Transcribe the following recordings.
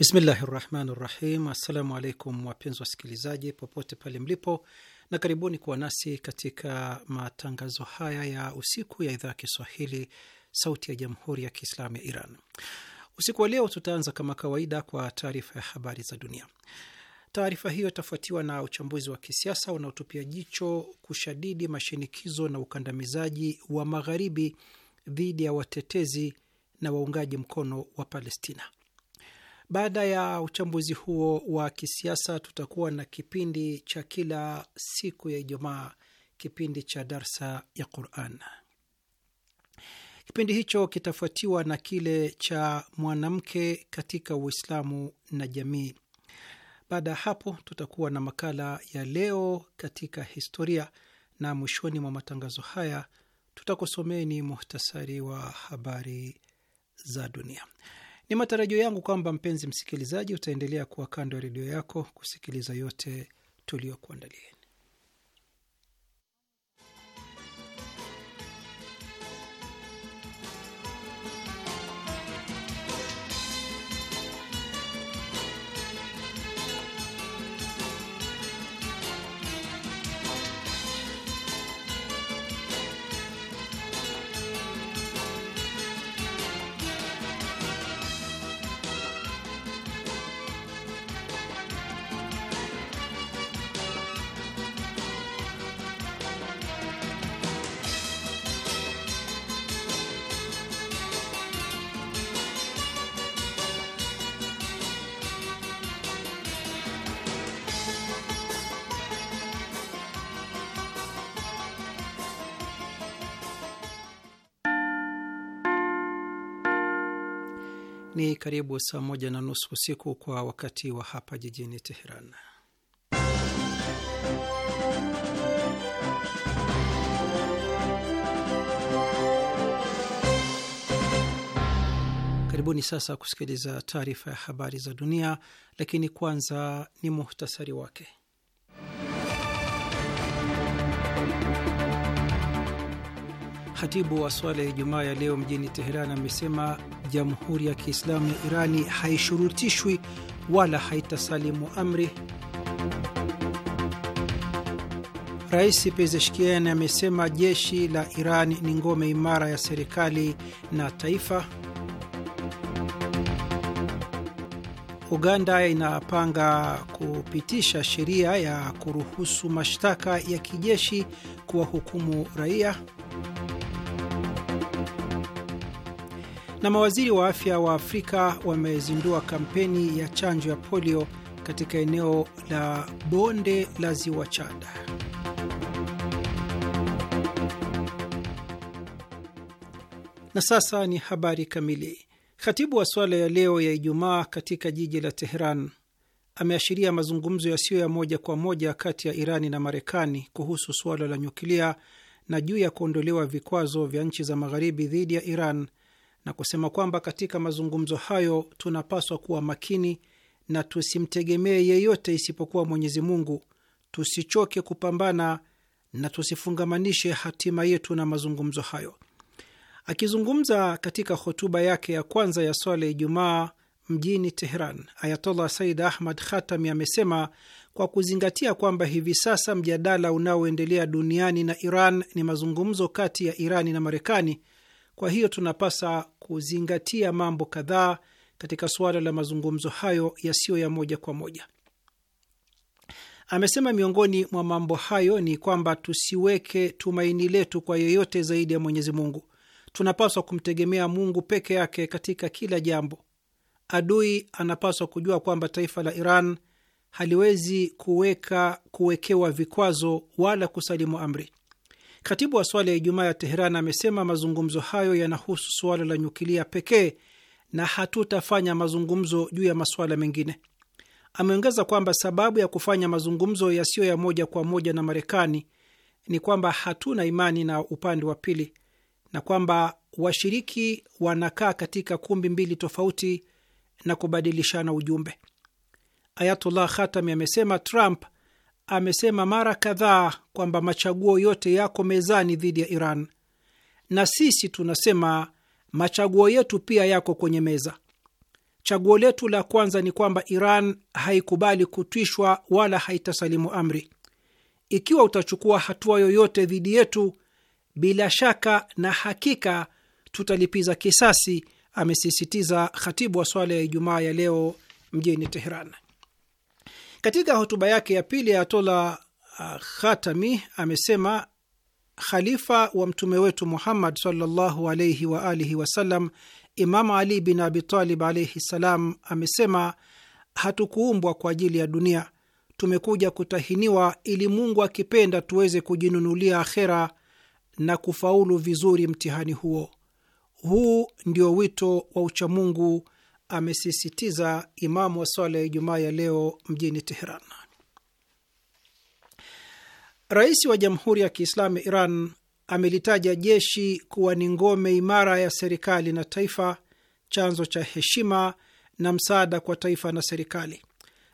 Bismillahi rahmani rahim. Assalamu alaikum wapenzi wasikilizaji popote pale mlipo, na karibuni kuwa nasi katika matangazo haya ya usiku ya idhaa ya Kiswahili sauti ya jamhuri ya Kiislamu ya Iran. Usiku wa leo tutaanza kama kawaida kwa taarifa ya habari za dunia. Taarifa hiyo itafuatiwa na uchambuzi wa kisiasa unaotupia jicho kushadidi mashinikizo na ukandamizaji wa magharibi dhidi ya watetezi na waungaji mkono wa Palestina. Baada ya uchambuzi huo wa kisiasa, tutakuwa na kipindi cha kila siku ya Ijumaa, kipindi cha darsa ya Quran. Kipindi hicho kitafuatiwa na kile cha mwanamke katika Uislamu na jamii. Baada ya hapo, tutakuwa na makala ya leo katika historia, na mwishoni mwa matangazo haya tutakusomeni muhtasari wa habari za dunia. Ni matarajio yangu kwamba mpenzi msikilizaji, utaendelea kuwa kando ya redio yako kusikiliza yote tuliyokuandalia. Ni karibu saa moja na nusu usiku kwa wakati wa hapa jijini Teheran. Karibuni sasa kusikiliza taarifa ya habari za dunia, lakini kwanza ni muhtasari wake. Khatibu wa swala ya Ijumaa ya leo mjini Teheran amesema Jamhuri ya Kiislamu ya Irani haishurutishwi wala haitasalimu amri. Rais Pezeshkian amesema jeshi la Iran ni ngome imara ya serikali na taifa. Uganda inapanga kupitisha sheria ya kuruhusu mashtaka ya kijeshi kuwahukumu raia. Na mawaziri wa afya wa Afrika wamezindua kampeni ya chanjo ya polio katika eneo la bonde la ziwa Chad. Na sasa ni habari kamili. Khatibu wa swala ya leo ya Ijumaa katika jiji la Teheran ameashiria mazungumzo yasiyo ya moja kwa moja kati ya Irani na Marekani kuhusu suala la nyuklia na juu ya kuondolewa vikwazo vya nchi za Magharibi dhidi ya Iran na kusema kwamba katika mazungumzo hayo tunapaswa kuwa makini na tusimtegemee yeyote isipokuwa Mwenyezi Mungu, tusichoke kupambana na tusifungamanishe hatima yetu na mazungumzo hayo. Akizungumza katika hotuba yake ya kwanza ya swala ya Ijumaa mjini Teheran, Ayatollah Said Ahmad Khatami amesema kwa kuzingatia kwamba hivi sasa mjadala unaoendelea duniani na Iran ni mazungumzo kati ya Irani na Marekani, kwa hiyo tunapasa kuzingatia mambo kadhaa katika suala la mazungumzo hayo yasiyo ya moja kwa moja. Amesema miongoni mwa mambo hayo ni kwamba tusiweke tumaini letu kwa yeyote zaidi ya Mwenyezi Mungu. Tunapaswa kumtegemea Mungu peke yake katika kila jambo. Adui anapaswa kujua kwamba taifa la Iran haliwezi kuweka kuwekewa vikwazo wala kusalimu amri. Katibu wa swala ya Ijumaa ya Teheran amesema mazungumzo hayo yanahusu suala la nyukilia pekee na hatutafanya mazungumzo juu ya masuala mengine. Ameongeza kwamba sababu ya kufanya mazungumzo yasiyo ya moja kwa moja na Marekani ni kwamba hatuna imani na upande wa pili na kwamba washiriki wanakaa katika kumbi mbili tofauti na kubadilishana ujumbe. Ayatullah Khatami amesema Trump amesema mara kadhaa kwamba machaguo yote yako mezani dhidi ya Iran, na sisi tunasema machaguo yetu pia yako kwenye meza. Chaguo letu la kwanza ni kwamba Iran haikubali kutwishwa wala haitasalimu amri. Ikiwa utachukua hatua yoyote dhidi yetu, bila shaka na hakika tutalipiza kisasi, amesisitiza khatibu wa swala ya Ijumaa ya leo mjini Teheran. Katika hotuba yake ya pili, Ayatollah uh, Khatami amesema khalifa wa mtume wetu Muhammad sallallahu alaihi wa alihi wasallam, Imam Ali bin Abitalib alaihi ssalam, amesema hatukuumbwa kwa ajili ya dunia, tumekuja kutahiniwa ili Mungu akipenda tuweze kujinunulia akhera na kufaulu vizuri mtihani huo. Huu ndio wito wa uchamungu amesisitiza imamu wa swala ya Ijumaa ya leo mjini Teheran. Rais wa Jamhuri ya Kiislamu ya Iran amelitaja jeshi kuwa ni ngome imara ya serikali na taifa, chanzo cha heshima na msaada kwa taifa na serikali.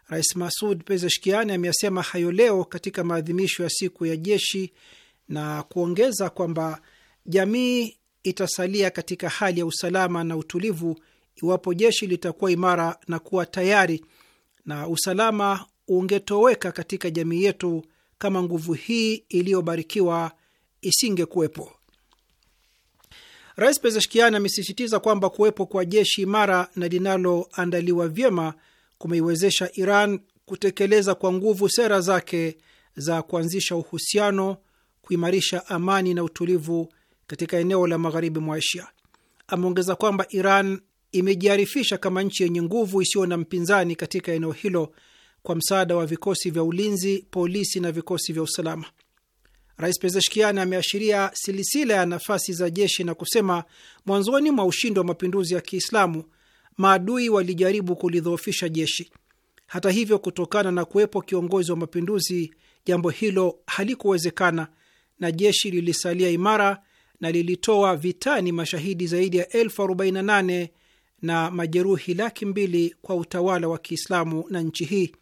Rais Masud Pezeshkiani ameyasema hayo leo katika maadhimisho ya siku ya jeshi na kuongeza kwamba jamii itasalia katika hali ya usalama na utulivu iwapo jeshi litakuwa imara na kuwa tayari, na usalama ungetoweka katika jamii yetu kama nguvu hii iliyobarikiwa isingekuwepo. Rais Pezeshkian amesisitiza kwamba kuwepo kwa jeshi imara na linaloandaliwa vyema kumeiwezesha Iran kutekeleza kwa nguvu sera zake za kuanzisha uhusiano, kuimarisha amani na utulivu katika eneo la magharibi mwa Asia. Ameongeza kwamba Iran imejiarifisha kama nchi yenye nguvu isiyo na mpinzani katika eneo hilo kwa msaada wa vikosi vya ulinzi, polisi na vikosi vya usalama. Rais Pezeshkian ameashiria silisila ya nafasi za jeshi na kusema mwanzoni mwa ushindi wa mapinduzi ya Kiislamu maadui walijaribu kulidhoofisha jeshi. Hata hivyo, kutokana na kuwepo kiongozi wa mapinduzi, jambo hilo halikuwezekana na jeshi lilisalia imara na lilitoa vitani mashahidi zaidi ya elfu arobaini na nane na majeruhi laki mbili kwa utawala wa Kiislamu na nchi hii,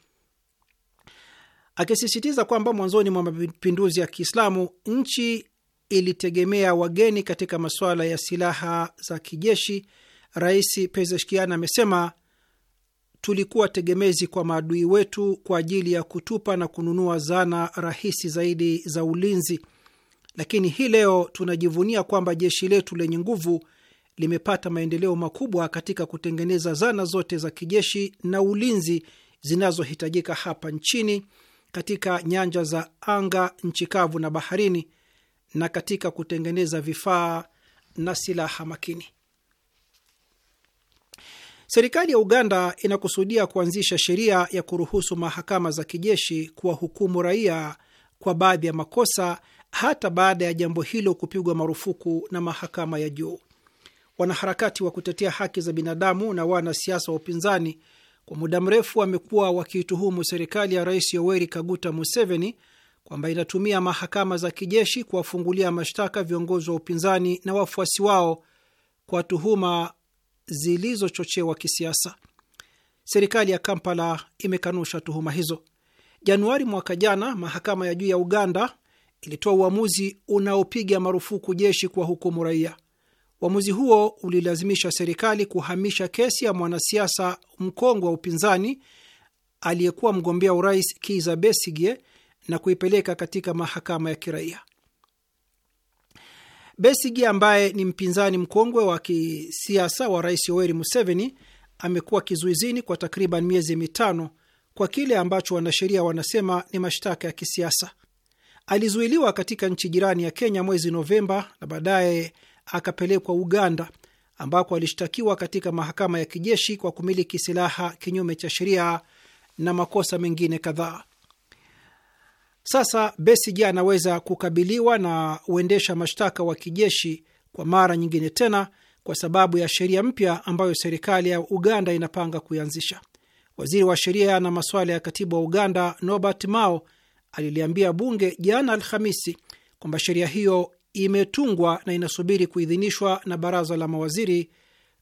akisisitiza kwamba mwanzoni mwa mapinduzi ya Kiislamu nchi ilitegemea wageni katika masuala ya silaha za kijeshi. Rais Pezeshkian amesema tulikuwa tegemezi kwa maadui wetu kwa ajili ya kutupa na kununua zana rahisi zaidi za ulinzi, lakini hii leo tunajivunia kwamba jeshi letu lenye nguvu limepata maendeleo makubwa katika kutengeneza zana zote za kijeshi na ulinzi zinazohitajika hapa nchini katika nyanja za anga, nchi kavu na baharini, na katika kutengeneza vifaa na silaha makini. Serikali ya Uganda inakusudia kuanzisha sheria ya kuruhusu mahakama za kijeshi kuwahukumu raia kwa baadhi ya makosa hata baada ya jambo hilo kupigwa marufuku na mahakama ya juu wanaharakati wa kutetea haki za binadamu na wanasiasa wa upinzani kwa muda mrefu wamekuwa wakiituhumu serikali ya Rais Yoweri Kaguta Museveni kwamba inatumia mahakama za kijeshi kuwafungulia mashtaka viongozi wa upinzani na wafuasi wao kwa tuhuma zilizochochewa kisiasa. Serikali ya Kampala imekanusha tuhuma hizo. Januari mwaka jana, mahakama ya juu ya Uganda ilitoa uamuzi unaopiga marufuku jeshi kwa hukumu raia. Uamuzi huo ulilazimisha serikali kuhamisha kesi ya mwanasiasa mkongwe wa upinzani aliyekuwa mgombea urais kiza Besigye na kuipeleka katika mahakama ya kiraia. Besigye ambaye ni mpinzani mkongwe wa kisiasa wa rais Yoweri Museveni amekuwa kizuizini kwa takriban miezi mitano kwa kile ambacho wanasheria wanasema ni mashtaka ya kisiasa. Alizuiliwa katika nchi jirani ya Kenya mwezi Novemba na baadaye akapelekwa Uganda ambako alishtakiwa katika mahakama ya kijeshi kwa kumiliki silaha kinyume cha sheria na makosa mengine kadhaa. Sasa Besigye anaweza kukabiliwa na uendesha mashtaka wa kijeshi kwa mara nyingine tena kwa sababu ya sheria mpya ambayo serikali ya Uganda inapanga kuianzisha. Waziri wa sheria na masuala ya katibu wa Uganda Norbert Mao aliliambia bunge jana Alhamisi kwamba sheria hiyo imetungwa na inasubiri kuidhinishwa na baraza la mawaziri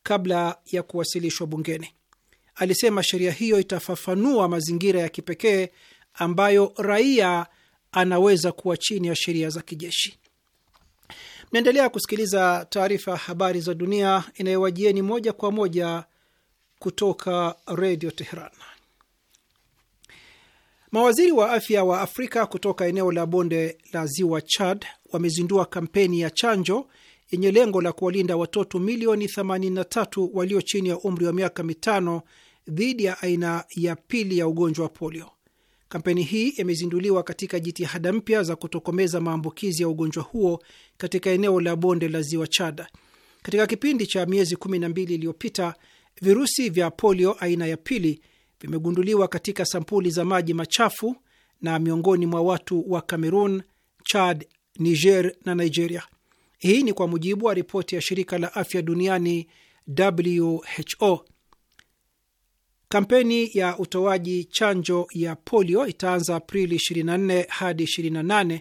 kabla ya kuwasilishwa bungeni. Alisema sheria hiyo itafafanua mazingira ya kipekee ambayo raia anaweza kuwa chini ya sheria za kijeshi. Mnaendelea kusikiliza taarifa ya habari za dunia inayowajieni moja kwa moja kutoka redio Teheran. Mawaziri wa afya wa Afrika kutoka eneo la bonde la ziwa Chad wamezindua kampeni ya chanjo yenye lengo la kuwalinda watoto milioni 83 walio chini ya umri wa miaka mitano dhidi ya aina ya pili ya ugonjwa wa polio. Kampeni hii imezinduliwa katika jitihada mpya za kutokomeza maambukizi ya ugonjwa huo katika eneo la bonde la ziwa Chada. Katika kipindi cha miezi 12 iliyopita, virusi vya polio aina ya pili vimegunduliwa katika sampuli za maji machafu na miongoni mwa watu wa Cameroon, Chad Niger na Nigeria. Hii ni kwa mujibu wa ripoti ya shirika la afya duniani WHO. Kampeni ya utoaji chanjo ya polio itaanza Aprili 24 hadi 28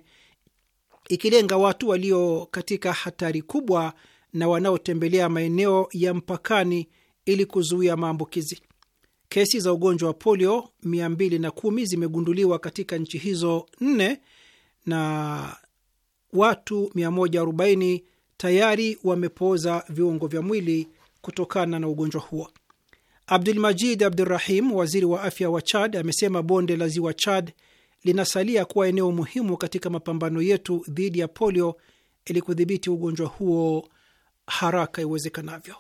ikilenga watu walio katika hatari kubwa na wanaotembelea maeneo ya mpakani ili kuzuia maambukizi. Kesi za ugonjwa wa polio 210 zimegunduliwa katika nchi hizo nne na watu 140 tayari wamepooza viungo vya mwili kutokana na ugonjwa huo. abdul majid Abdurahim, waziri wa afya wa Chad, amesema bonde la ziwa Chad linasalia kuwa eneo muhimu katika mapambano yetu dhidi ya polio ili kudhibiti ugonjwa huo haraka iwezekanavyo.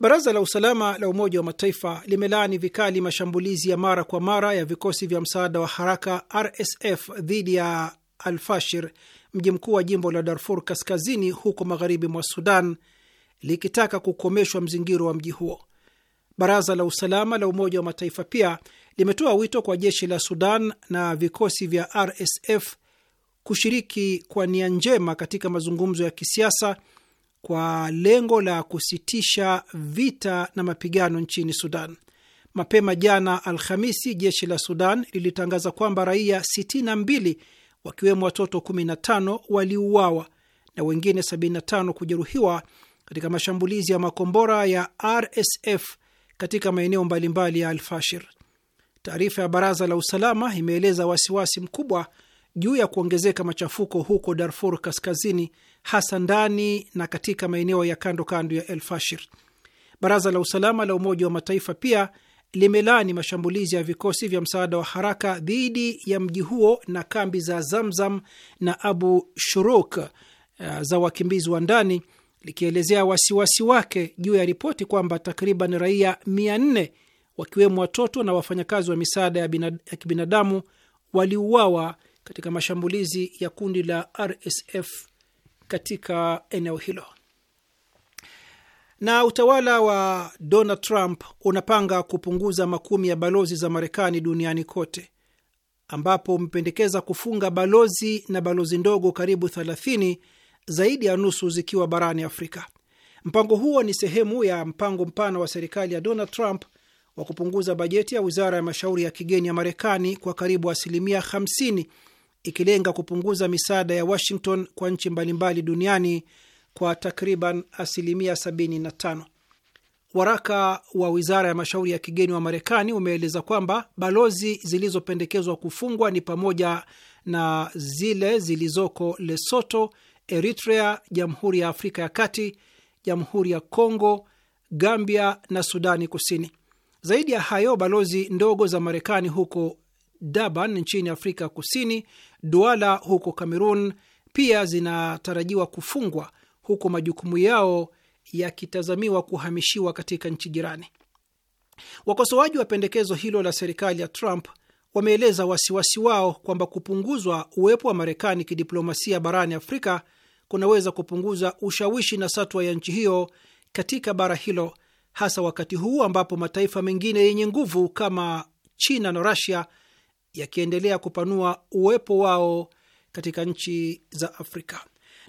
Baraza la usalama la Umoja wa Mataifa limelaani vikali mashambulizi ya mara kwa mara ya vikosi vya msaada wa haraka RSF dhidi ya Al-Fashir, mji mkuu wa jimbo la Darfur Kaskazini, huko magharibi mwa Sudan, likitaka kukomeshwa mzingiro wa mji huo. Baraza la usalama la Umoja wa Mataifa pia limetoa wito kwa jeshi la Sudan na vikosi vya RSF kushiriki kwa nia njema katika mazungumzo ya kisiasa kwa lengo la kusitisha vita na mapigano nchini Sudan. Mapema jana Alhamisi, jeshi la Sudan lilitangaza kwamba raia wakiwemo watoto 15 waliuawa na wengine 75 kujeruhiwa katika mashambulizi ya makombora ya RSF katika maeneo mbalimbali ya Alfashir. Taarifa ya baraza la usalama imeeleza wasiwasi mkubwa juu ya kuongezeka machafuko huko Darfur Kaskazini, hasa ndani na katika maeneo ya kando kando ya Elfashir. Baraza la usalama la Umoja wa Mataifa pia limelaani mashambulizi ya vikosi vya msaada wa haraka dhidi ya mji huo na kambi za Zamzam na Abu Shuruk eh, za wakimbizi wa ndani, likielezea wasiwasi wake juu ya ripoti kwamba takriban raia 400 wakiwemo watoto na wafanyakazi wa misaada ya kibinadamu waliuawa katika mashambulizi ya kundi la RSF katika eneo hilo. Na utawala wa Donald Trump unapanga kupunguza makumi ya balozi za Marekani duniani kote, ambapo umependekeza kufunga balozi na balozi ndogo karibu 30, zaidi ya nusu zikiwa barani Afrika. Mpango huo ni sehemu ya mpango mpana wa serikali ya Donald Trump wa kupunguza bajeti ya wizara ya mashauri ya kigeni ya Marekani kwa karibu asilimia 50, ikilenga kupunguza misaada ya Washington kwa nchi mbalimbali duniani kwa takriban asilimia 75. Waraka wa wizara ya mashauri ya kigeni wa Marekani umeeleza kwamba balozi zilizopendekezwa kufungwa ni pamoja na zile zilizoko Lesoto, Eritrea, Jamhuri ya Afrika ya Kati, Jamhuri ya Kongo, Gambia na Sudani Kusini. Zaidi ya hayo, balozi ndogo za Marekani huko Durban nchini Afrika Kusini, Duala huko Kamerun pia zinatarajiwa kufungwa huku majukumu yao yakitazamiwa kuhamishiwa katika nchi jirani. Wakosoaji wa pendekezo hilo la serikali ya Trump wameeleza wasiwasi wao kwamba kupunguzwa uwepo wa Marekani kidiplomasia barani Afrika kunaweza kupunguza ushawishi na satwa ya nchi hiyo katika bara hilo, hasa wakati huu ambapo mataifa mengine yenye nguvu kama China na rasia yakiendelea kupanua uwepo wao katika nchi za Afrika.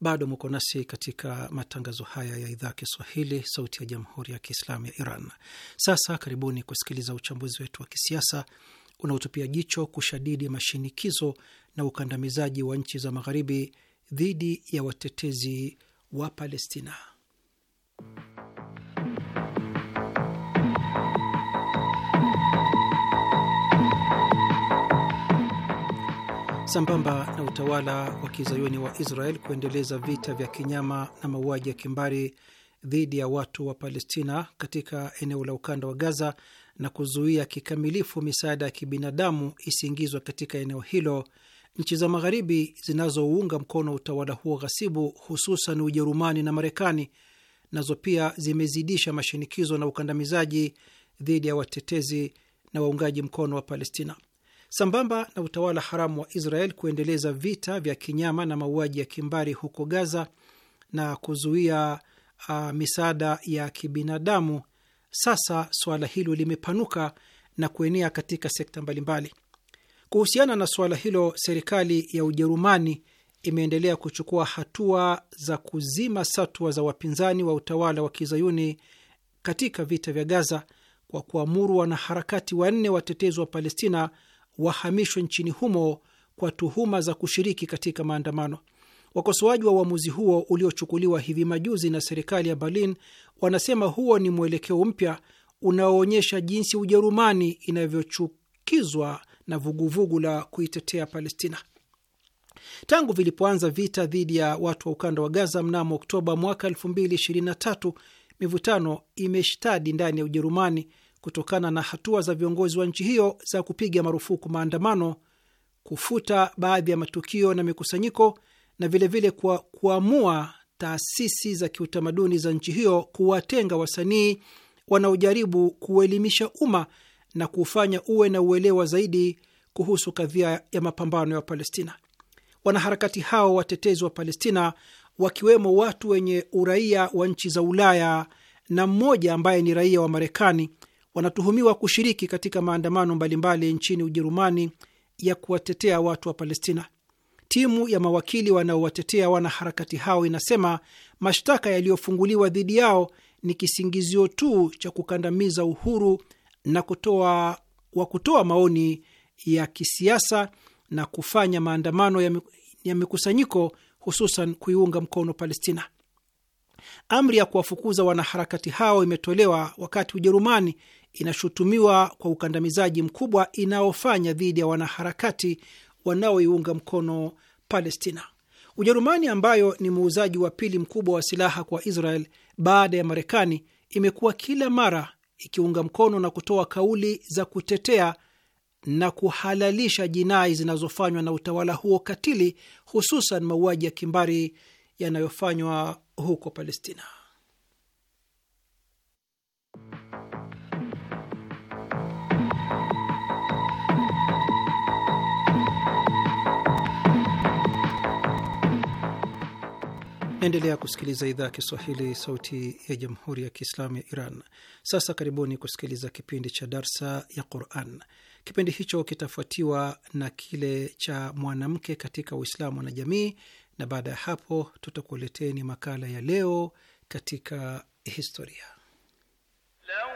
Bado muko nasi katika matangazo haya ya idhaa Kiswahili, sauti ya jamhuri ya kiislamu ya Iran. Sasa karibuni kusikiliza uchambuzi wetu wa kisiasa unaotupia jicho kushadidi mashinikizo na ukandamizaji wa nchi za magharibi dhidi ya watetezi wa Palestina. sambamba na utawala wa kizayuni wa Israel kuendeleza vita vya kinyama na mauaji ya kimbari dhidi ya watu wa Palestina katika eneo la ukanda wa Gaza na kuzuia kikamilifu misaada ya kibinadamu isiingizwa katika eneo hilo, nchi za Magharibi zinazounga mkono utawala huo ghasibu, hususan Ujerumani na Marekani, nazo pia zimezidisha mashinikizo na ukandamizaji dhidi ya watetezi na waungaji mkono wa Palestina. Sambamba na utawala haramu wa Israel kuendeleza vita vya kinyama na mauaji ya kimbari huko Gaza na kuzuia uh, misaada ya kibinadamu, sasa suala hilo limepanuka na kuenea katika sekta mbalimbali. Kuhusiana na suala hilo, serikali ya Ujerumani imeendelea kuchukua hatua za kuzima satwa za wapinzani wa utawala wa kizayuni katika vita vya Gaza kwa kuamuru wanaharakati wanne watetezi wa Palestina wahamishwe nchini humo kwa tuhuma za kushiriki katika maandamano. Wakosoaji wa uamuzi huo uliochukuliwa hivi majuzi na serikali ya Berlin wanasema huo ni mwelekeo mpya unaoonyesha jinsi Ujerumani inavyochukizwa na vuguvugu la kuitetea Palestina. Tangu vilipoanza vita dhidi ya watu wa ukanda wa Gaza mnamo Oktoba mwaka 2023, mivutano imeshtadi ndani ya Ujerumani kutokana na hatua za viongozi wa nchi hiyo za kupiga marufuku maandamano, kufuta baadhi ya matukio na mikusanyiko, na vilevile kwa kuamua taasisi za kiutamaduni za nchi hiyo kuwatenga wasanii wanaojaribu kuelimisha umma na kuufanya uwe na uelewa zaidi kuhusu kadhia ya mapambano ya Palestina. Wanaharakati hao watetezi wa Palestina, wakiwemo watu wenye uraia wa nchi za Ulaya na mmoja ambaye ni raia wa Marekani, wanatuhumiwa kushiriki katika maandamano mbalimbali nchini Ujerumani ya kuwatetea watu wa Palestina. Timu ya mawakili wanaowatetea wanaharakati hao inasema mashtaka yaliyofunguliwa dhidi yao ni kisingizio tu cha kukandamiza uhuru na kutoa wa kutoa maoni ya kisiasa na kufanya maandamano ya mikusanyiko, hususan kuiunga mkono Palestina. Amri ya kuwafukuza wanaharakati hao imetolewa wakati Ujerumani inashutumiwa kwa ukandamizaji mkubwa inaofanya dhidi ya wanaharakati wanaoiunga mkono Palestina. Ujerumani ambayo ni muuzaji wa pili mkubwa wa silaha kwa Israel baada ya Marekani imekuwa kila mara ikiunga mkono na kutoa kauli za kutetea na kuhalalisha jinai zinazofanywa na utawala huo katili, hususan mauaji ya kimbari yanayofanywa huko Palestina. Naendelea kusikiliza idhaa ya Kiswahili, sauti ya jamhuri ya kiislamu ya Iran. Sasa karibuni kusikiliza kipindi cha darsa ya Quran. Kipindi hicho kitafuatiwa na kile cha mwanamke katika Uislamu na jamii, na baada ya hapo tutakuleteni makala ya leo katika historia Hello.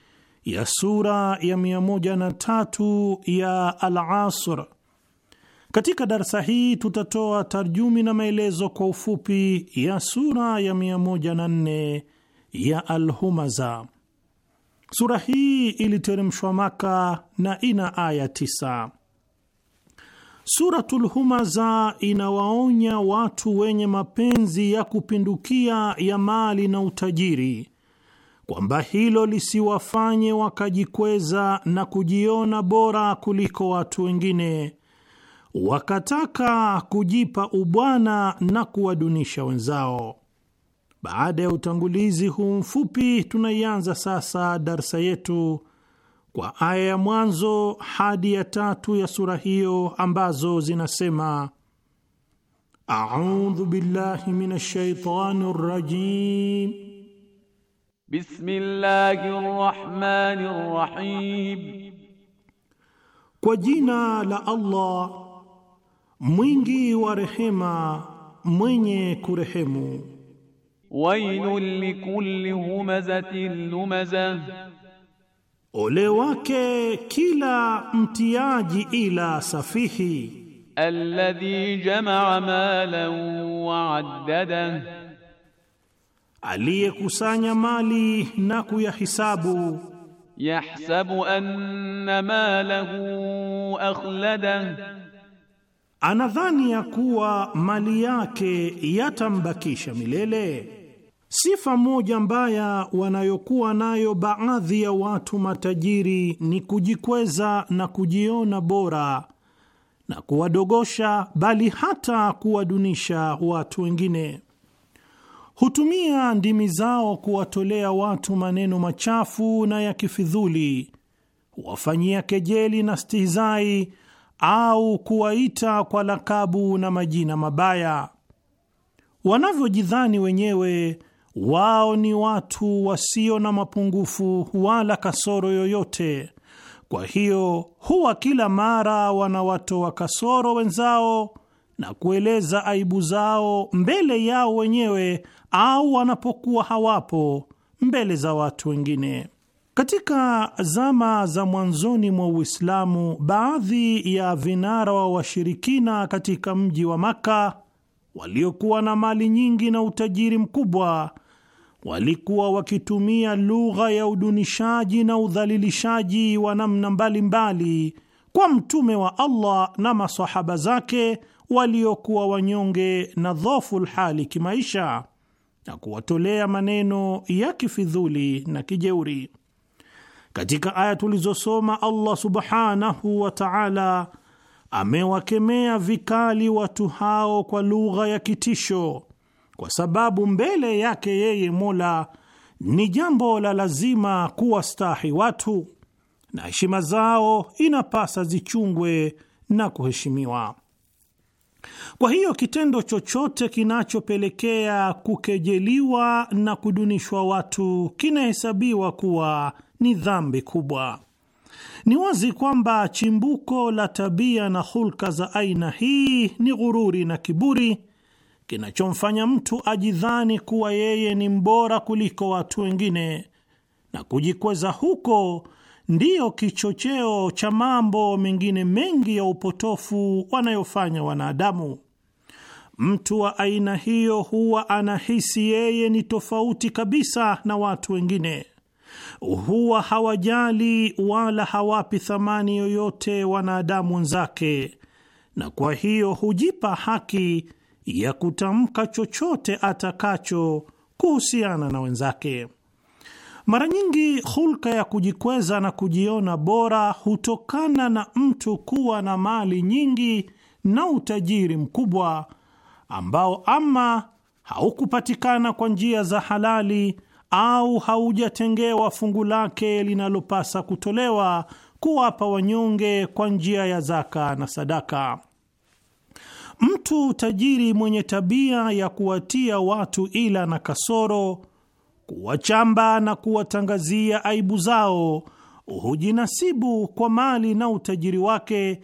ya sura ya tatu ya Al-Asr. Katika darsa hii tutatoa tarjumi na maelezo kwa ufupi ya sura ya nne ya Al-Humaza. Sura hii iliteremshwa Maka na ina aya tisa. Suratul Humaza inawaonya watu wenye mapenzi ya kupindukia ya mali na utajiri kwamba hilo lisiwafanye wakajikweza na kujiona bora kuliko watu wengine, wakataka kujipa ubwana na kuwadunisha wenzao. Baada ya utangulizi huu mfupi, tunaianza sasa darsa yetu kwa aya ya mwanzo hadi ya tatu ya sura hiyo ambazo zinasema: audhu billahi minash shaitani rajim بسم الله الرحمن الرحيم kwa jina la Allah mwingi wa rehema mwenye kurehemu wailul likulli humazatin lumaza ole wake kila mtiaji ila safihi alladhi jamaa malan wa addada aliyekusanya mali na kuyahisabu. Yahsabu anna malahu akhlada, anadhani ya kuwa mali yake yatambakisha milele. Sifa moja mbaya wanayokuwa nayo baadhi ya watu matajiri ni kujikweza na kujiona bora na kuwadogosha, bali hata kuwadunisha watu wengine hutumia ndimi zao kuwatolea watu maneno machafu na ya kifidhuli, huwafanyia kejeli na stihizai, au kuwaita kwa lakabu na majina mabaya. Wanavyojidhani wenyewe wao ni watu wasio na mapungufu wala kasoro yoyote. Kwa hiyo huwa kila mara wanawatoa kasoro wenzao na kueleza aibu zao mbele yao wenyewe au wanapokuwa hawapo mbele za watu wengine. Katika zama za mwanzoni mwa Uislamu, baadhi ya vinara wa washirikina katika mji wa Makka waliokuwa na mali nyingi na utajiri mkubwa walikuwa wakitumia lugha ya udunishaji na udhalilishaji wa namna mbalimbali kwa Mtume wa Allah na masahaba zake waliokuwa wanyonge na dhofu lhali kimaisha na kuwatolea maneno ya kifidhuli na kijeuri. Katika aya tulizosoma, Allah subhanahu wa ta'ala amewakemea vikali watu hao kwa lugha ya kitisho, kwa sababu mbele yake yeye Mola ni jambo la lazima kuwastahi watu na heshima zao inapasa zichungwe na kuheshimiwa. Kwa hiyo kitendo chochote kinachopelekea kukejeliwa na kudunishwa watu kinahesabiwa kuwa ni dhambi kubwa. Ni wazi kwamba chimbuko la tabia na hulka za aina hii ni ghururi na kiburi kinachomfanya mtu ajidhani kuwa yeye ni mbora kuliko watu wengine na kujikweza huko ndiyo kichocheo cha mambo mengine mengi ya upotofu wanayofanya wanadamu. Mtu wa aina hiyo huwa anahisi yeye ni tofauti kabisa na watu wengine, huwa hawajali wala hawapi thamani yoyote wanadamu wenzake, na kwa hiyo hujipa haki ya kutamka chochote atakacho kuhusiana na wenzake. Mara nyingi hulka ya kujikweza na kujiona bora hutokana na mtu kuwa na mali nyingi na utajiri mkubwa ambao ama haukupatikana kwa njia za halali au haujatengewa fungu lake linalopasa kutolewa kuwapa wanyonge kwa njia ya zaka na sadaka. Mtu tajiri mwenye tabia ya kuwatia watu ila na kasoro kuwachamba na kuwatangazia aibu zao, hujinasibu kwa mali na utajiri wake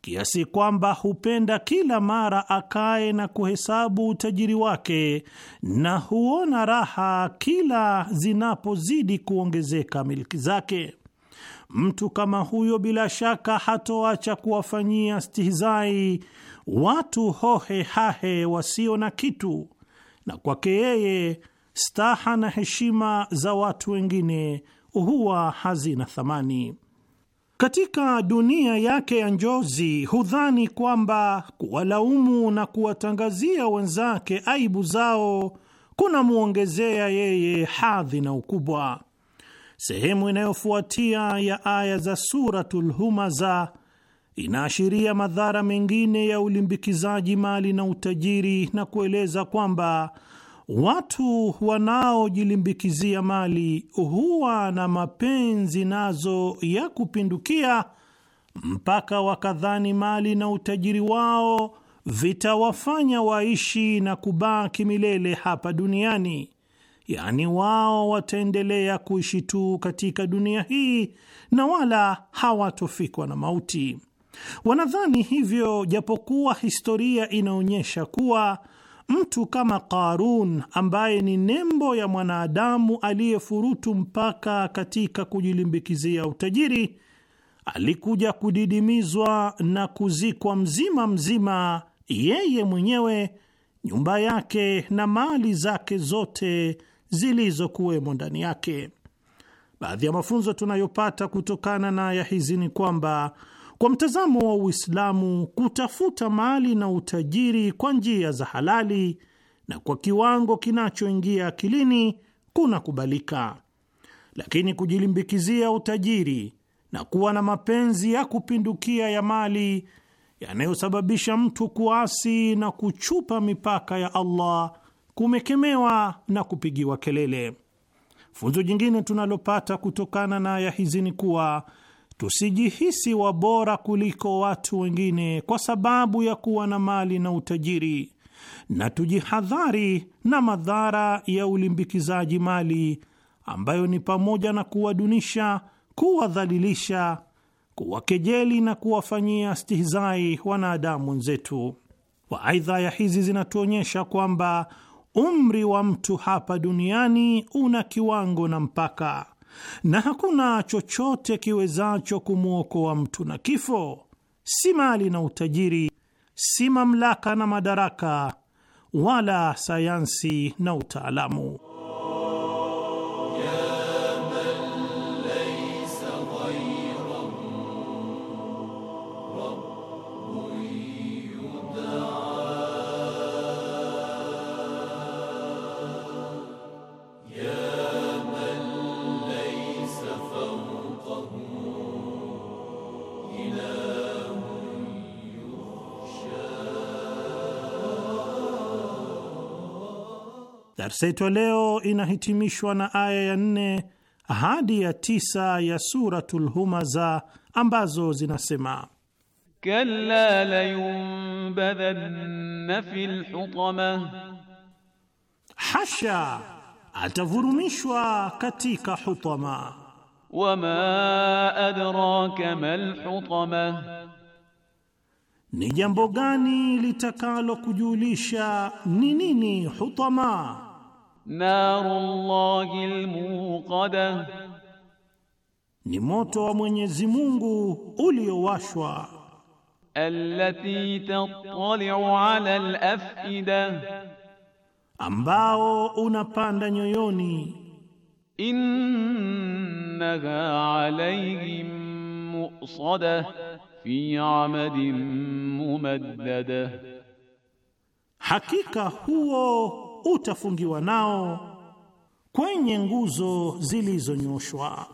kiasi kwamba hupenda kila mara akae na kuhesabu utajiri wake na huona raha kila zinapozidi kuongezeka milki zake. Mtu kama huyo bila shaka hatoacha kuwafanyia stihizai watu hohe hahe wasio na kitu, na kwake yeye staha na heshima za watu wengine huwa hazina thamani. Katika dunia yake ya njozi, hudhani kwamba kuwalaumu na kuwatangazia wenzake aibu zao kunamwongezea yeye hadhi na ukubwa. Sehemu inayofuatia ya aya za Suratul Humaza inaashiria madhara mengine ya ulimbikizaji mali na utajiri na kueleza kwamba Watu wanaojilimbikizia mali huwa na mapenzi nazo ya kupindukia, mpaka wakadhani mali na utajiri wao vitawafanya waishi na kubaki milele hapa duniani. Yaani wao wataendelea kuishi tu katika dunia hii na wala hawatofikwa na mauti. Wanadhani hivyo, japokuwa historia inaonyesha kuwa Mtu kama Qarun ambaye ni nembo ya mwanadamu aliyefurutu mpaka katika kujilimbikizia utajiri, alikuja kudidimizwa na kuzikwa mzima mzima, yeye mwenyewe, nyumba yake na mali zake zote zilizokuwemo ndani yake. Baadhi ya mafunzo tunayopata kutokana na aya hizi ni kwamba kwa mtazamo wa Uislamu, kutafuta mali na utajiri kwa njia za halali na kwa kiwango kinachoingia akilini kunakubalika, lakini kujilimbikizia utajiri na kuwa na mapenzi ya kupindukia ya mali yanayosababisha mtu kuasi na kuchupa mipaka ya Allah kumekemewa na kupigiwa kelele. Funzo jingine tunalopata kutokana na aya hizi ni kuwa Tusijihisi wa bora kuliko watu wengine kwa sababu ya kuwa na mali na utajiri, na tujihadhari na madhara ya ulimbikizaji mali ambayo ni pamoja na kuwadunisha, kuwadhalilisha, kuwakejeli na kuwafanyia stihizai wanadamu wenzetu. Waaidha, ya hizi zinatuonyesha kwamba umri wa mtu hapa duniani una kiwango na mpaka na hakuna chochote kiwezacho kumwokoa mtu na kifo, si mali na utajiri, si mamlaka na madaraka, wala sayansi na utaalamu. Darsa yetu leo inahitimishwa na aya ya nne hadi ya tisa ya Suratul Humaza ambazo zinasema: kalla layumbadhanna fil hutama, hasha atavurumishwa katika hutama. Wama adraka mal hutama, ni jambo gani litakalokujulisha ni nini hutama? naru Allahi almuqada, ni moto wa Mwenyezi Mungu uliowashwa. Allati tattali'u 'ala al-af'ida, ambao unapanda nyoyoni. Innaha 'alayhim mu'sada fi 'amadin mumaddada, hakika huo utafungiwa nao kwenye nguzo zilizonyoshwa.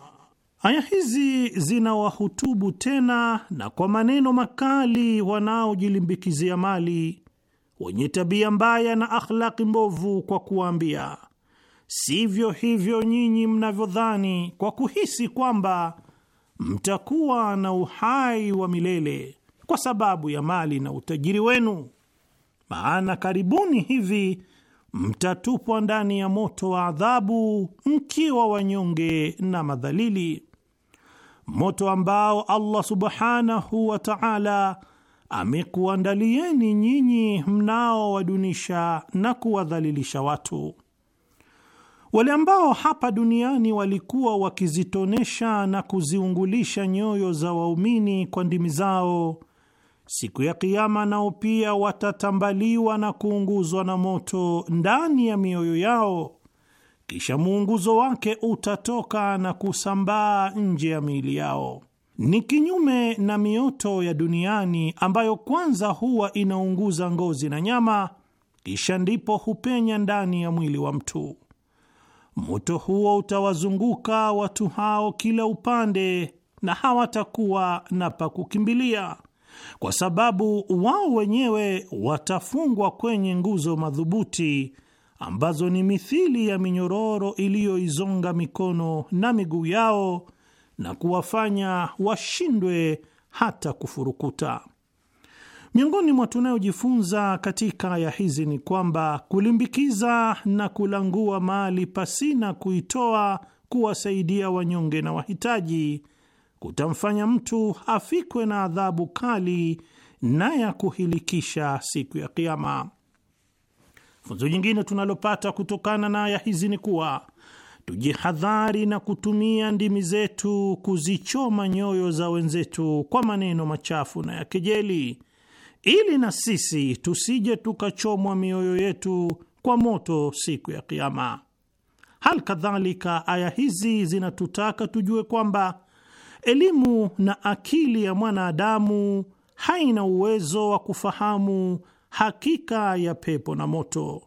Aya hizi zinawahutubu tena na kwa maneno makali wanaojilimbikizia mali, wenye tabia mbaya na akhlaki mbovu, kwa kuwaambia sivyo hivyo nyinyi mnavyodhani, kwa kuhisi kwamba mtakuwa na uhai wa milele kwa sababu ya mali na utajiri wenu, maana karibuni hivi mtatupwa ndani ya moto wa adhabu mkiwa wanyonge na madhalili, moto ambao Allah subhanahu wa ta'ala amekuandalieni nyinyi mnaowadunisha na kuwadhalilisha watu. Wale ambao hapa duniani walikuwa wakizitonesha na kuziungulisha nyoyo za waumini kwa ndimi zao siku ya Kiama nao pia watatambaliwa na kuunguzwa na moto ndani ya mioyo yao, kisha muunguzo wake utatoka na kusambaa nje ya miili yao. Ni kinyume na mioto ya duniani ambayo kwanza huwa inaunguza ngozi na nyama, kisha ndipo hupenya ndani ya mwili wa mtu. Moto huo utawazunguka watu hao kila upande na hawatakuwa na pa kukimbilia kwa sababu wao wenyewe watafungwa kwenye nguzo madhubuti ambazo ni mithili ya minyororo iliyoizonga mikono na miguu yao na kuwafanya washindwe hata kufurukuta. Miongoni mwa tunayojifunza katika aya hizi ni kwamba kulimbikiza na kulangua mali pasina kuitoa kuwasaidia wanyonge na wahitaji kutamfanya mtu afikwe na adhabu kali na ya kuhilikisha siku ya Kiama. Funzo jingine tunalopata kutokana na aya hizi ni kuwa tujihadhari na kutumia ndimi zetu kuzichoma nyoyo za wenzetu kwa maneno machafu na ya kejeli, ili na sisi tusije tukachomwa mioyo yetu kwa moto siku ya Kiama. Hal kadhalika aya hizi zinatutaka tujue kwamba Elimu na akili ya mwanadamu haina uwezo wa kufahamu hakika ya pepo na moto,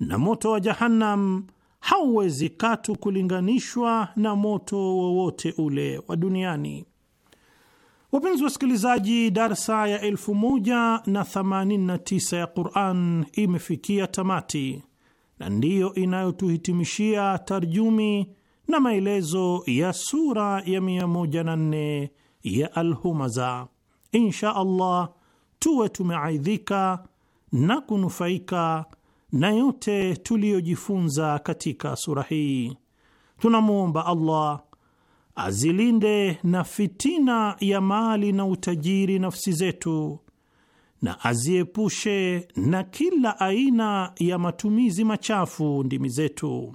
na moto wa Jahannam hauwezi katu kulinganishwa na moto wowote ule wa duniani. Wapenzi wasikilizaji, darsa ya 1089 ya Quran imefikia tamati na ndiyo inayotuhitimishia tarjumi na maelezo ya sura ya 104 ya Alhumaza. Insha Allah tuwe tumeaidhika na kunufaika na yote tuliyojifunza katika sura hii. Tunamwomba Allah azilinde na fitina ya mali na utajiri nafsi zetu na aziepushe na kila aina ya matumizi machafu ndimi zetu.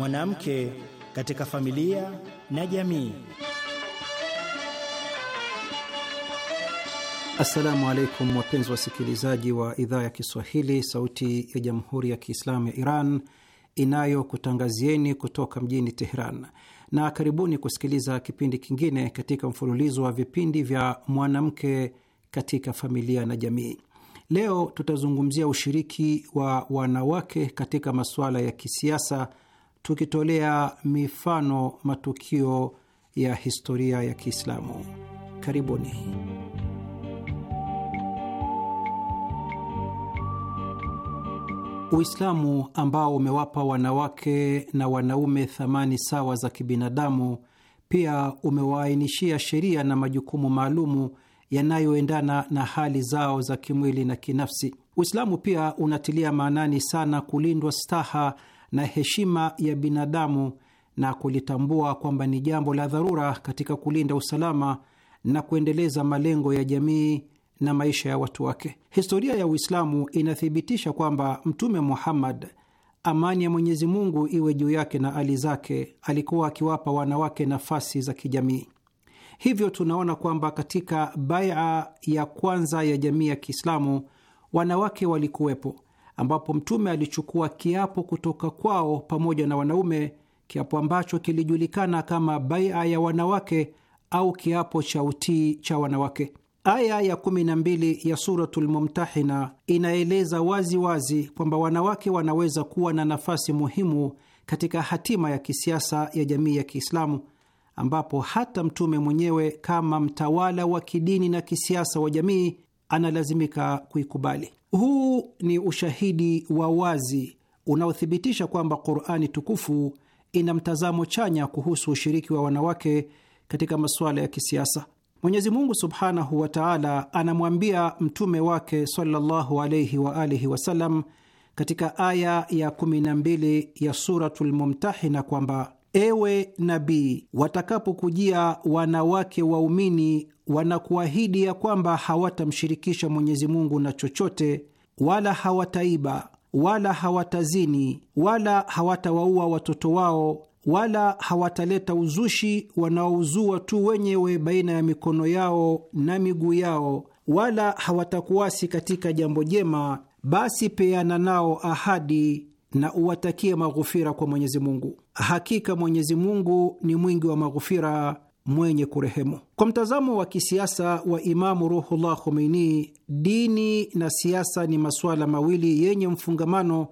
mwanamke katika familia na jamii. Assalamu alaikum wapenzi wasikilizaji wa idhaa ya Kiswahili, Sauti ya Jamhuri ya Kiislamu ya Iran inayokutangazieni kutoka mjini Teheran, na karibuni kusikiliza kipindi kingine katika mfululizo wa vipindi vya mwanamke katika familia na jamii. Leo tutazungumzia ushiriki wa wanawake katika masuala ya kisiasa tukitolea mifano matukio ya historia ya Kiislamu. Karibuni. Uislamu ambao umewapa wanawake na wanaume thamani sawa za kibinadamu pia umewaainishia sheria na majukumu maalumu yanayoendana na hali zao za kimwili na kinafsi. Uislamu pia unatilia maanani sana kulindwa staha na heshima ya binadamu na kulitambua kwamba ni jambo la dharura katika kulinda usalama na kuendeleza malengo ya jamii na maisha ya watu wake. Historia ya Uislamu inathibitisha kwamba Mtume Muhammad, amani ya Mwenyezi Mungu iwe juu yake na ali zake, alikuwa akiwapa wanawake nafasi za kijamii. Hivyo tunaona kwamba katika baia ya kwanza ya jamii ya Kiislamu wanawake walikuwepo ambapo Mtume alichukua kiapo kutoka kwao pamoja na wanaume, kiapo ambacho kilijulikana kama baia ya wanawake au kiapo cha utii cha wanawake. Aya ya 12 ya Suratul Mumtahina inaeleza wazi wazi kwamba wanawake wanaweza kuwa na nafasi muhimu katika hatima ya kisiasa ya jamii ya Kiislamu, ambapo hata Mtume mwenyewe kama mtawala wa kidini na kisiasa wa jamii analazimika kuikubali. Huu ni ushahidi wa wazi unaothibitisha kwamba Qurani tukufu ina mtazamo chanya kuhusu ushiriki wa wanawake katika masuala ya kisiasa. Mwenyezi Mungu subhanahu wa taala anamwambia mtume wake sallallahu alaihi wa alihi wasallam katika aya ya 12 ya Suratul Mumtahina kwamba Ewe nabii, watakapokujia wanawake waumini wanakuahidi ya kwamba hawatamshirikisha Mwenyezi Mungu na chochote, wala hawataiba wala hawatazini wala hawatawaua watoto wao wala hawataleta uzushi wanaouzua tu wenyewe baina ya mikono yao na miguu yao, wala hawatakuasi katika jambo jema, basi peana nao ahadi na uwatakie maghufira kwa Mwenyezi Mungu. Hakika Mwenyezi Mungu ni mwingi wa maghufira, mwenye kurehemu. Kwa mtazamo wa kisiasa wa Imamu Ruhullah Khomeini, dini na siasa ni masuala mawili yenye mfungamano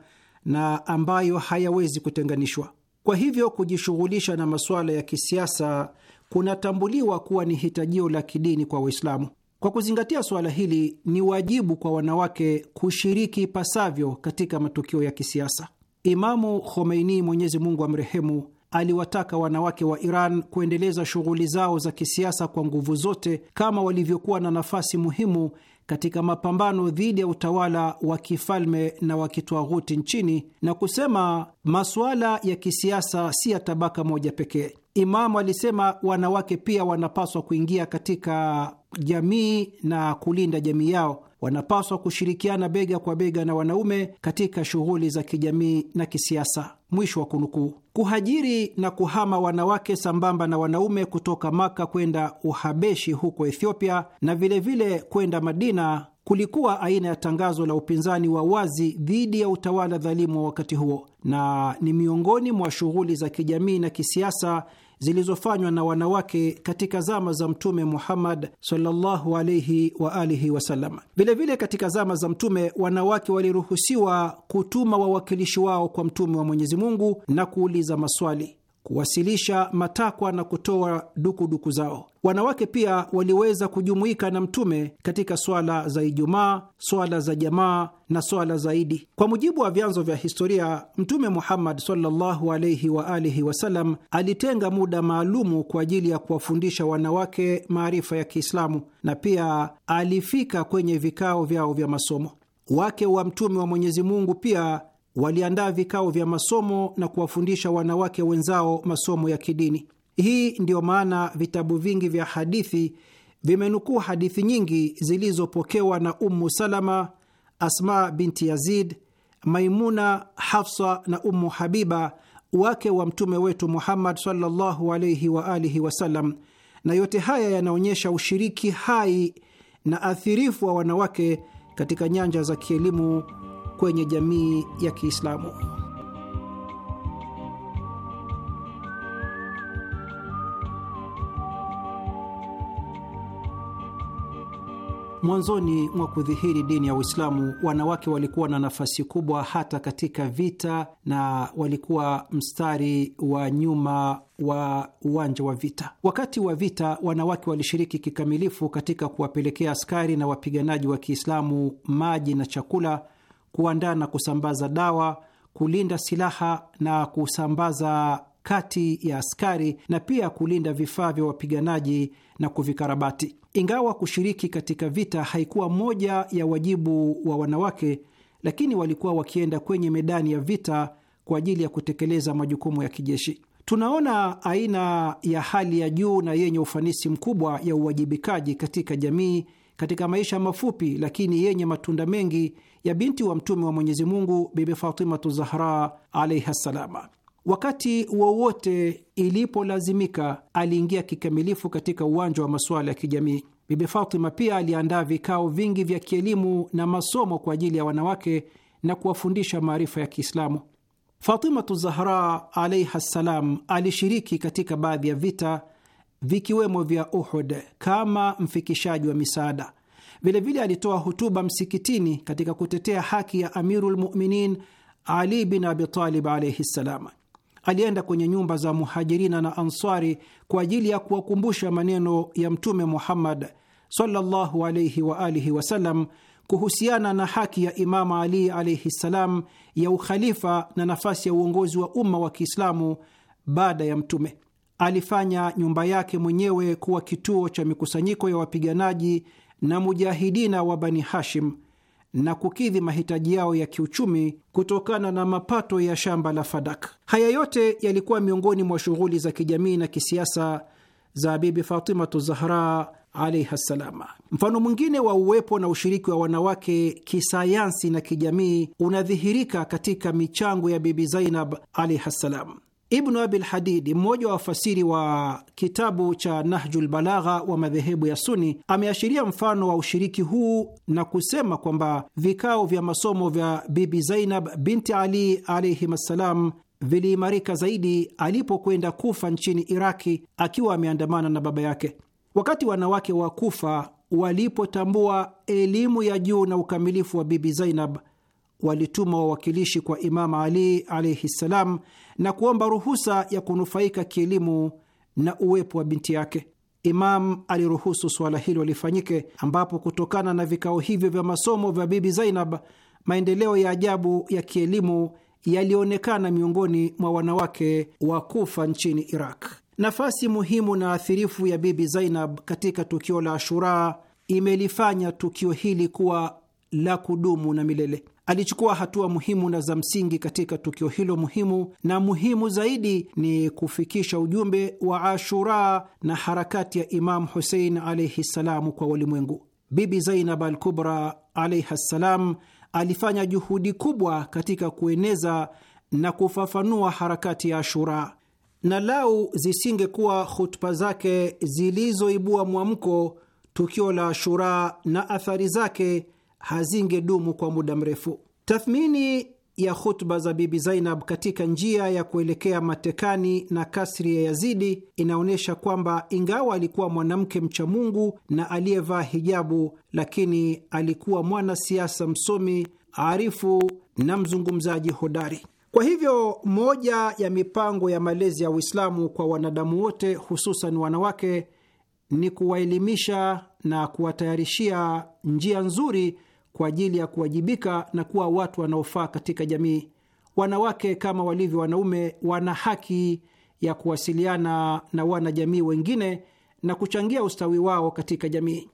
na ambayo hayawezi kutenganishwa. Kwa hivyo kujishughulisha na masuala ya kisiasa kunatambuliwa kuwa ni hitajio la kidini kwa Waislamu. Kwa kuzingatia suala hili, ni wajibu kwa wanawake kushiriki ipasavyo katika matukio ya kisiasa. Imamu Khomeini, Mwenyezi Mungu amrehemu, aliwataka wanawake wa Iran kuendeleza shughuli zao za kisiasa kwa nguvu zote kama walivyokuwa na nafasi muhimu katika mapambano dhidi ya utawala wa kifalme na wa kitwaghuti nchini na kusema masuala ya kisiasa si ya tabaka moja pekee. Imamu alisema wanawake pia wanapaswa kuingia katika jamii na kulinda jamii yao. Wanapaswa kushirikiana bega kwa bega na wanaume katika shughuli za kijamii na kisiasa. Mwisho wa kunukuu. Kuhajiri na kuhama wanawake sambamba na wanaume kutoka Maka kwenda Uhabeshi huko Ethiopia na vilevile kwenda Madina kulikuwa aina ya tangazo la upinzani wa wazi dhidi ya utawala dhalimu wa wakati huo na ni miongoni mwa shughuli za kijamii na kisiasa zilizofanywa na wanawake katika zama za Mtume Muhammad sallallahu alaihi wa alihi wasallam. Vilevile katika zama za Mtume wanawake waliruhusiwa kutuma wawakilishi wao kwa Mtume wa Mwenyezi Mungu na kuuliza maswali kuwasilisha matakwa na kutoa dukuduku zao. Wanawake pia waliweza kujumuika na Mtume katika swala za Ijumaa, swala za jamaa na swala zaidi Kwa mujibu wa vyanzo vya historia, Mtume Muhammad sallallahu alaihi wa alihi wasallam alitenga muda maalumu kwa ajili ya kuwafundisha wanawake maarifa ya Kiislamu, na pia alifika kwenye vikao vyao vya masomo. Wake wa Mtume wa Mwenyezi Mungu pia waliandaa vikao vya masomo na kuwafundisha wanawake wenzao masomo ya kidini. Hii ndiyo maana vitabu vingi vya hadithi vimenukuu hadithi nyingi zilizopokewa na Ummu Salama, Asma binti Yazid, Maimuna, Hafsa na Ummu Habiba, wake wa Mtume wetu Muhammad sallallahu alaihi wa alihi wasallam, na yote haya yanaonyesha ushiriki hai na athirifu wa wanawake katika nyanja za kielimu kwenye jamii ya Kiislamu. Mwanzoni mwa kudhihiri dini ya Uislamu, wanawake walikuwa na nafasi kubwa hata katika vita na walikuwa mstari wa nyuma wa uwanja wa vita. Wakati wa vita, wanawake walishiriki kikamilifu katika kuwapelekea askari na wapiganaji wa Kiislamu maji na chakula kuandaa na kusambaza dawa, kulinda silaha na kusambaza kati ya askari na pia kulinda vifaa vya wapiganaji na kuvikarabati. Ingawa kushiriki katika vita haikuwa moja ya wajibu wa wanawake, lakini walikuwa wakienda kwenye medani ya vita kwa ajili ya kutekeleza majukumu ya kijeshi. Tunaona aina ya hali ya juu na yenye ufanisi mkubwa ya uwajibikaji katika jamii katika maisha mafupi lakini yenye matunda mengi ya binti wa mtume wa Mwenyezi Mungu, Bibi Fatimatu Zahra alaihi ssalama. Wakati wowote ilipolazimika, aliingia kikamilifu katika uwanja wa masuala ya kijamii. Bibi Fatima pia aliandaa vikao vingi vya kielimu na masomo kwa ajili ya wanawake na kuwafundisha maarifa ya Kiislamu. Fatimatu Zahra alaihi ssalam alishiriki katika baadhi ya vita vikiwemo vya Uhud kama mfikishaji wa misaada. Vilevile alitoa hutuba msikitini katika kutetea haki ya Amirul Muminin Ali bin Abitalib alaihi ssalam. Alienda kwenye nyumba za Muhajirina na ansari kwa ajili ya kuwakumbusha maneno ya Mtume Muhammad sallallahu alaihi wasallam kuhusiana na haki ya Imamu Ali alaihi ssalam ya ukhalifa na nafasi ya uongozi wa umma wa Kiislamu baada ya Mtume alifanya nyumba yake mwenyewe kuwa kituo cha mikusanyiko ya wapiganaji na mujahidina wa Bani Hashim na kukidhi mahitaji yao ya kiuchumi kutokana na mapato ya shamba la Fadak. Haya yote yalikuwa miongoni mwa shughuli za kijamii na kisiasa za Bibi Fatimatu Zahra alaihi ssalama. Mfano mwingine wa uwepo na ushiriki wa wanawake kisayansi na kijamii unadhihirika katika michango ya Bibi Zainab alaihi ssalam. Ibnu Abil Hadidi, mmoja wa wafasiri wa kitabu cha Nahjul Balagha wa madhehebu ya Suni, ameashiria mfano wa ushiriki huu na kusema kwamba vikao vya masomo vya Bibi Zainab binti Ali alaihim assalam viliimarika zaidi alipokwenda Kufa nchini Iraki akiwa ameandamana na baba yake. Wakati wanawake wa Kufa walipotambua elimu ya juu na ukamilifu wa Bibi Zainab walituma wawakilishi kwa Imamu Ali alaihi ssalam na kuomba ruhusa ya kunufaika kielimu na uwepo wa binti yake. Imam aliruhusu suala hilo lifanyike, ambapo kutokana na vikao hivyo vya masomo vya Bibi Zainab, maendeleo ya ajabu ya kielimu yalionekana miongoni mwa wanawake wa Kufa nchini Iraq. Nafasi muhimu na athirifu ya Bibi Zainab katika tukio la Ashura imelifanya tukio hili kuwa la kudumu na milele alichukua hatua muhimu na za msingi katika tukio hilo muhimu, na muhimu zaidi ni kufikisha ujumbe wa Ashura na harakati ya Imamu Husein alaihi ssalamu kwa walimwengu. Bibi Zainab al Kubra alaihi ssalam alifanya juhudi kubwa katika kueneza na kufafanua harakati ya Ashura, na lau zisingekuwa hutuba zake zilizoibua mwamko, tukio la Ashura na athari zake hazingedumu kwa muda mrefu. Tathmini ya hutuba za Bibi Zainab katika njia ya kuelekea matekani na kasri ya Yazidi inaonyesha kwamba ingawa alikuwa mwanamke mcha Mungu na aliyevaa hijabu, lakini alikuwa mwanasiasa msomi, arifu na mzungumzaji hodari. Kwa hivyo moja ya mipango ya malezi ya Uislamu kwa wanadamu wote, hususan wanawake, ni kuwaelimisha na kuwatayarishia njia nzuri kwa ajili ya kuwajibika na kuwa watu wanaofaa katika jamii. Wanawake kama walivyo wanaume wana haki ya kuwasiliana na wanajamii wengine na kuchangia ustawi wao katika jamii.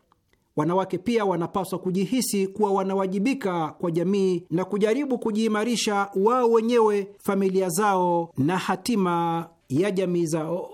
Wanawake pia wanapaswa kujihisi kuwa wanawajibika kwa jamii na kujaribu kujiimarisha wao wenyewe, familia zao na hatima ya jamii zao.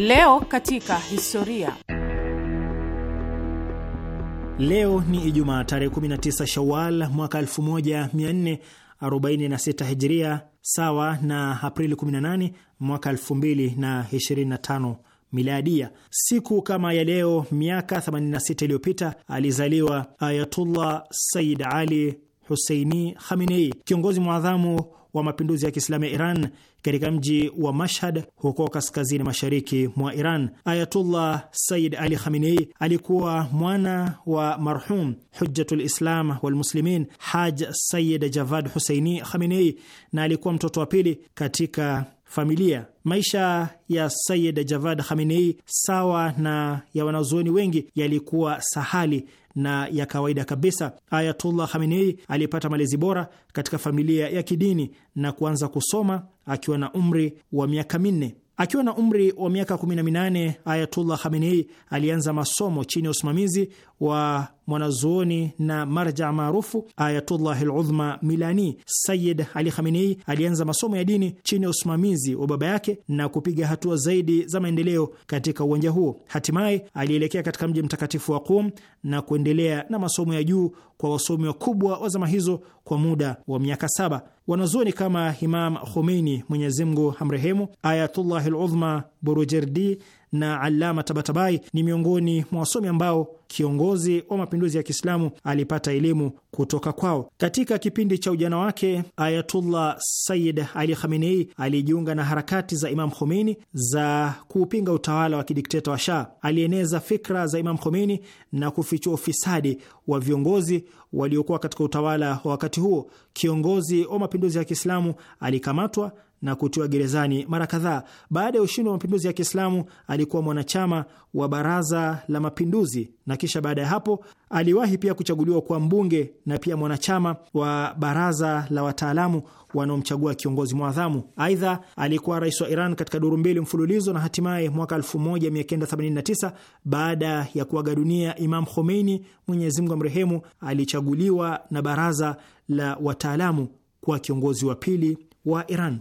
Leo katika historia. Leo ni Ijumaa tarehe 19 Shawal mwaka 1446 Hijria, sawa na Aprili 18 mwaka 2025 miladia. Siku kama ya leo miaka 86 iliyopita alizaliwa Ayatullah Sayyid Ali Huseini Khamenei, kiongozi mwadhamu wa mapinduzi ya Kiislamu ya Iran katika mji wa Mashhad huko kaskazini mashariki mwa Iran. Ayatullah Sayyid Ali Khamenei alikuwa mwana wa marhum Hujjatul Islam Walmuslimin Haj Sayyid Javad Huseini Khamenei, na alikuwa mtoto wa pili katika familia. Maisha ya Sayid Javad Khamenei, sawa na ya wanazuoni wengi, yalikuwa sahali na ya kawaida kabisa. Ayatullah Khamenei alipata malezi bora katika familia ya kidini na kuanza kusoma akiwa na umri wa miaka minne. Akiwa na umri wa miaka 18, Ayatullah Khamenei alianza masomo chini ya usimamizi wa mwanazuoni na marja maarufu Ayatullah Ludhma Milani, Sayid Ali Khamenei alianza masomo ya dini chini ya usimamizi wa baba yake na kupiga hatua zaidi za maendeleo katika uwanja huo. Hatimaye alielekea katika mji mtakatifu wa Qum na kuendelea na masomo ya juu kwa wasomi wakubwa wa zama hizo kwa muda wa miaka saba. Wanazuoni kama Imam Khomeini, Mwenyezi Mungu amrehemu, Ayatullah Ludhma Borujerdi na Alama Tabatabai ni miongoni mwa wasomi ambao kiongozi wa mapinduzi ya Kiislamu alipata elimu kutoka kwao. Katika kipindi cha ujana wake, Ayatullah Sayyid Ali Khamenei alijiunga na harakati za Imam Khomeini za kuupinga utawala wa kidikteta wa Shah. Alieneza fikra za Imam Khomeini na kufichua ufisadi wa viongozi waliokuwa katika utawala wa wakati huo. Kiongozi wa mapinduzi ya Kiislamu alikamatwa na kutiwa gerezani mara kadhaa. Baada ya ushindi wa mapinduzi ya Kiislamu alikuwa mwanachama wa Baraza la Mapinduzi, na kisha baada ya hapo aliwahi pia kuchaguliwa kuwa mbunge na pia mwanachama wa Baraza la Wataalamu wanaomchagua kiongozi mwadhamu. Aidha, alikuwa rais wa Iran katika duru mbili mfululizo na hatimaye mwaka 1989 baada ya kuaga dunia Imam Khomeini, Mwenyezi Mungu amrehemu, alichaguliwa na Baraza la Wataalamu kuwa kiongozi wa pili wa Iran.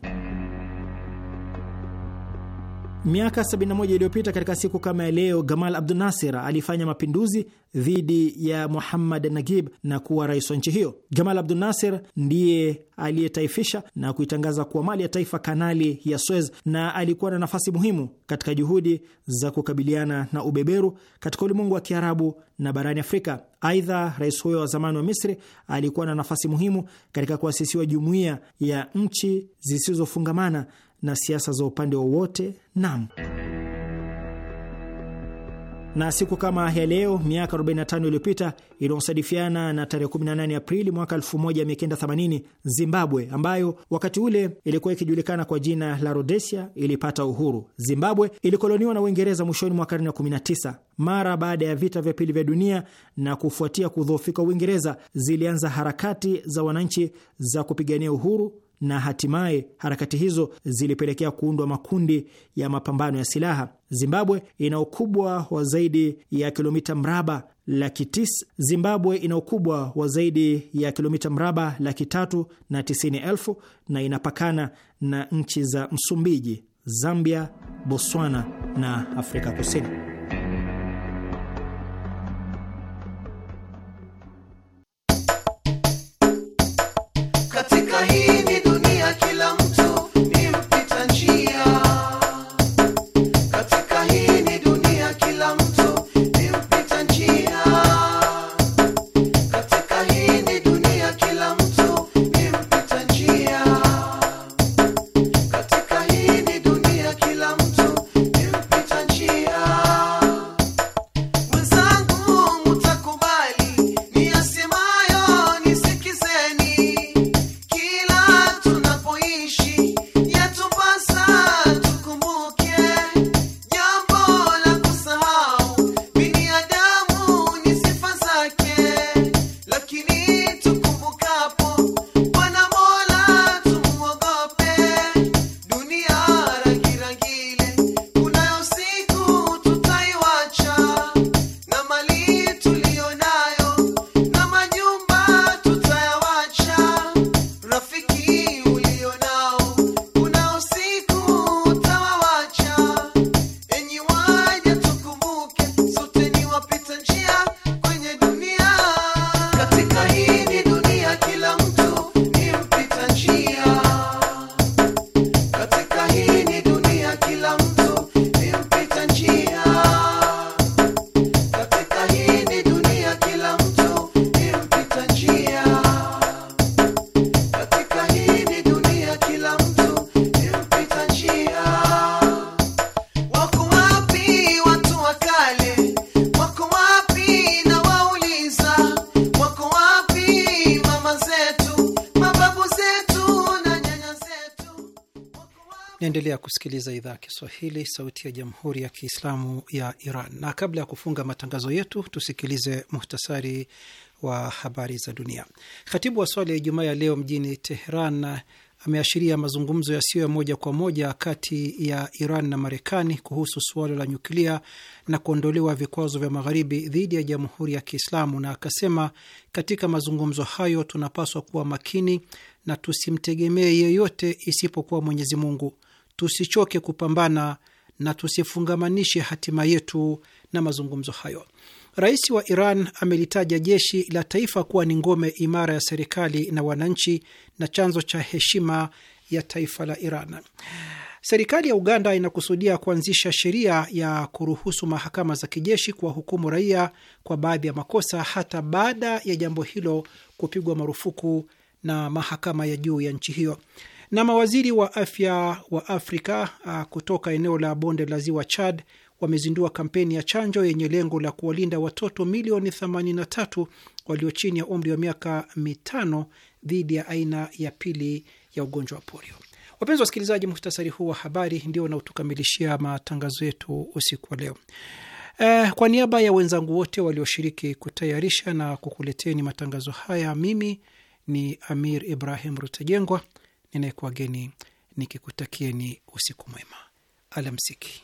Miaka 71 iliyopita katika siku kama ya leo, Gamal Abdu Nasir alifanya mapinduzi dhidi ya Muhammad Nagib na kuwa rais wa nchi hiyo. Gamal Abdu Nasir ndiye aliyetaifisha na kuitangaza kuwa mali ya taifa kanali ya Suez, na alikuwa na nafasi muhimu katika juhudi za kukabiliana na ubeberu katika ulimwengu wa Kiarabu na barani Afrika. Aidha, rais huyo wa zamani wa Misri alikuwa na nafasi muhimu katika kuasisiwa jumuiya ya nchi zisizofungamana na siasa za upande wowote. Naam. Na siku kama ya leo miaka 45 iliyopita inaosadifiana na tarehe 18 Aprili mwaka 1980, Zimbabwe ambayo wakati ule ilikuwa ikijulikana kwa jina la Rhodesia ilipata uhuru. Zimbabwe ilikoloniwa na Uingereza mwishoni mwa karne ya 19. Mara baada ya vita vya pili vya dunia na kufuatia kudhoofika Uingereza, zilianza harakati za wananchi za kupigania uhuru na hatimaye harakati hizo zilipelekea kuundwa makundi ya mapambano ya silaha. Zimbabwe ina ukubwa wa zaidi ya kilomita mraba laki tisa. Zimbabwe ina ukubwa wa zaidi ya kilomita mraba laki tatu na tisini elfu na inapakana na nchi za Msumbiji, Zambia, Botswana na Afrika Kusini. kusikiliza idhaa ya Kiswahili, sauti ya jamhuri ya kiislamu ya Iran. Na kabla ya kufunga matangazo yetu, tusikilize muhtasari wa habari za dunia. Khatibu wa swala ya Ijumaa ya leo mjini Teheran ameashiria mazungumzo yasiyo ya moja kwa moja kati ya Iran na Marekani kuhusu suala la nyuklia na kuondolewa vikwazo vya magharibi dhidi ya jamhuri ya Kiislamu, na akasema katika mazungumzo hayo tunapaswa kuwa makini na tusimtegemee yeyote isipokuwa Mwenyezi Mungu tusichoke kupambana na tusifungamanishe hatima yetu na mazungumzo hayo. Rais wa Iran amelitaja jeshi la taifa kuwa ni ngome imara ya serikali na wananchi na chanzo cha heshima ya taifa la Iran. Serikali ya Uganda inakusudia kuanzisha sheria ya kuruhusu mahakama za kijeshi kuwahukumu raia kwa baadhi ya makosa hata baada ya jambo hilo kupigwa marufuku na mahakama ya juu ya nchi hiyo. Na mawaziri wa afya wa Afrika ah, kutoka eneo la bonde la ziwa Chad wamezindua kampeni ya chanjo yenye lengo la kuwalinda watoto milioni 83 walio chini ya umri wa miaka mitano dhidi ya aina ya pili ya ugonjwa wa polio. Wapenzi wasikilizaji, muhtasari huu wa habari ndio unaotukamilishia matangazo yetu usiku wa leo. Eh, kwa niaba ya wenzangu wote walioshiriki kutayarisha na kukuleteni matangazo haya, mimi ni Amir Ibrahim Rutajengwa ninayekuwageni nikikutakieni usiku mwema, alamsiki.